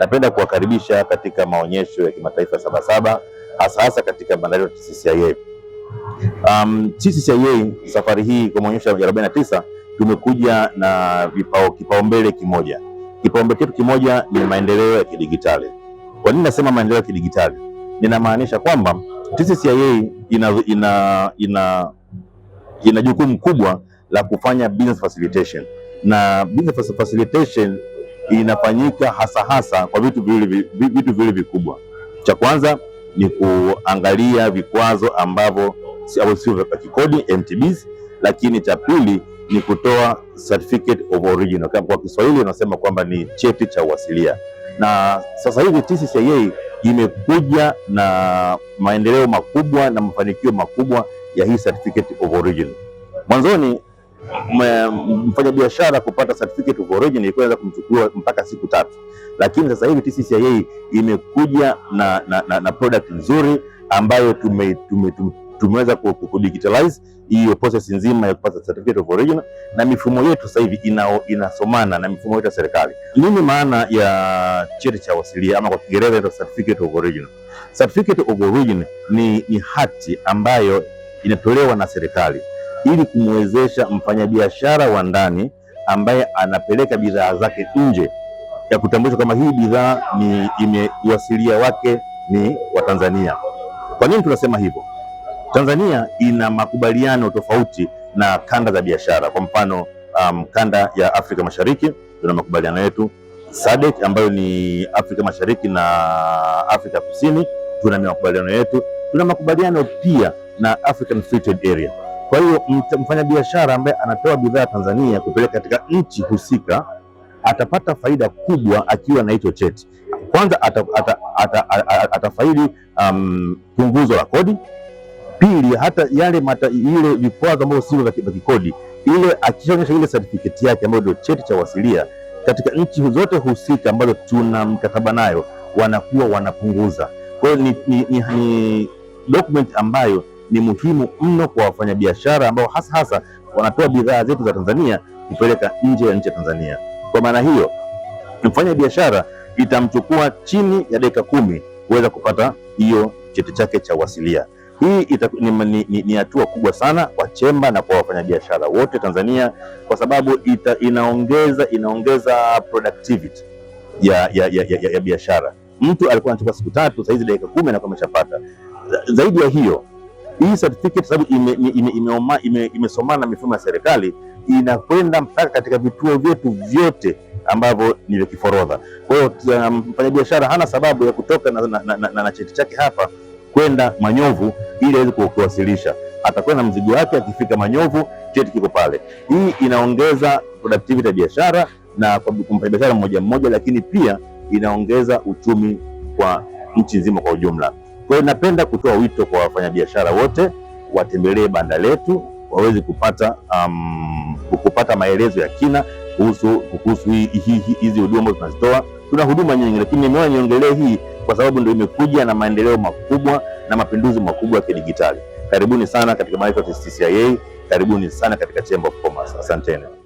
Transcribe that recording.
Napenda kuwakaribisha katika maonyesho ya kimataifa Sabasaba, hasa hasa katika bandari ya TCCIA. Um, TCCIA safari hii kwa maonyesho ya 49 tumekuja na vipao kipaumbele kimoja. Kipaumbele chetu kimoja ni maendeleo ya kidigitali. Kwa nini nasema maendeleo ya kidigitali? Ninamaanisha kwamba TCCIA ina, ina, ina, ina jukumu kubwa la kufanya business facilitation na business facilitation inafanyika hasa hasa kwa vitu viwili vitu viwili vikubwa. Cha kwanza ni kuangalia vikwazo ambavyo sio vya kikodi MTBs, lakini cha pili ni kutoa certificate of origin. Kwa Kiswahili unasema kwamba ni cheti cha uasilia, na sasa hivi TCCIA imekuja na maendeleo makubwa na mafanikio makubwa ya hii certificate of origin. Mwanzoni mfanya biashara kupata certificate of origin ilikuwa inaweza kumchukua mpaka siku tatu, lakini sasa hivi TCCIA imekuja na, na, na, na product nzuri ambayo tume, tume, tume, tumeweza kudigitalize hiyo process nzima ya kupata certificate of origin, na mifumo yetu sasa hivi ina, inasomana na mifumo yetu ya serikali. Nini maana ya cheti cha wasilia ama kwa Kiingereza inaitwa certificate of origin? Certificate of origin ni, ni hati ambayo inatolewa na serikali ili kumwezesha mfanyabiashara wa ndani ambaye anapeleka bidhaa zake nje ya kutambulishwa kama hii bidhaa ni imewasilia wake ni Watanzania. Kwa nini tunasema hivyo? Tanzania ina makubaliano tofauti na kanda za biashara. Kwa mfano um, kanda ya Afrika Mashariki tuna makubaliano yetu SADC ambayo ni Afrika Mashariki na Afrika Kusini, tuna makubaliano yetu. Tuna makubaliano pia na African Free Trade Area kwa hiyo mfanyabiashara ambaye anatoa bidhaa Tanzania kupeleka katika nchi husika atapata faida kubwa akiwa na hicho cheti. Kwanza atafaidi ata, ata, ata, ata um, punguzo la kodi. Pili, hata yale ile vikwazo ambavyo sio vya kikodi, ile akishaonyesha ile certificate yake ambayo ndio cheti cha uasilia katika nchi zote husika ambazo tuna mkataba nayo, wanakuwa wanapunguza. Kwa hiyo ni, ni, ni, ni document ambayo ni muhimu mno kwa wafanyabiashara ambao hasa hasa wanatoa bidhaa zetu za Tanzania kupeleka nje ya nchi ya Tanzania. Kwa maana hiyo, mfanya biashara itamchukua chini ya dakika kumi kuweza kupata hiyo cheti chake cha uasilia. Hii ita, ni hatua kubwa sana kwa Chemba na kwa wafanyabiashara wote Tanzania, kwa sababu ita, inaongeza inaongeza productivity ya, ya, ya, ya, ya biashara. Mtu alikuwa anachukua siku tatu, sasa hizi dakika kumi anakuwa ameshapata zaidi ya hiyo hii certificate sababu imesomana ime, ime, ime na mifumo ya serikali inakwenda mpaka katika vituo vyetu vyote ambavyo ni vya kiforodha. Kwa hiyo mfanyabiashara hana sababu ya kutoka na, na, na, na, na cheti chake hapa kwenda Manyovu ili aweze kuwasilisha. Atakwenda mzigo wake, akifika Manyovu cheti kiko pale. Hii inaongeza productivity ya biashara na kwa mfanyabiashara mmoja mmoja, lakini pia inaongeza uchumi kwa nchi nzima kwa ujumla. Kwa hiyo napenda kutoa wito kwa wafanyabiashara wote watembelee banda letu waweze kupata um, kupata maelezo ya kina kuhusu kuhusu hizi huduma tunazitoa. Tuna huduma nyingi, lakini nimeona niongelee hii kwa sababu ndio imekuja na maendeleo makubwa na mapinduzi makubwa ya kidigitali. Karibuni sana katika maarifa ya TCCIA, karibuni sana katika Chamber of Commerce. Asanteni.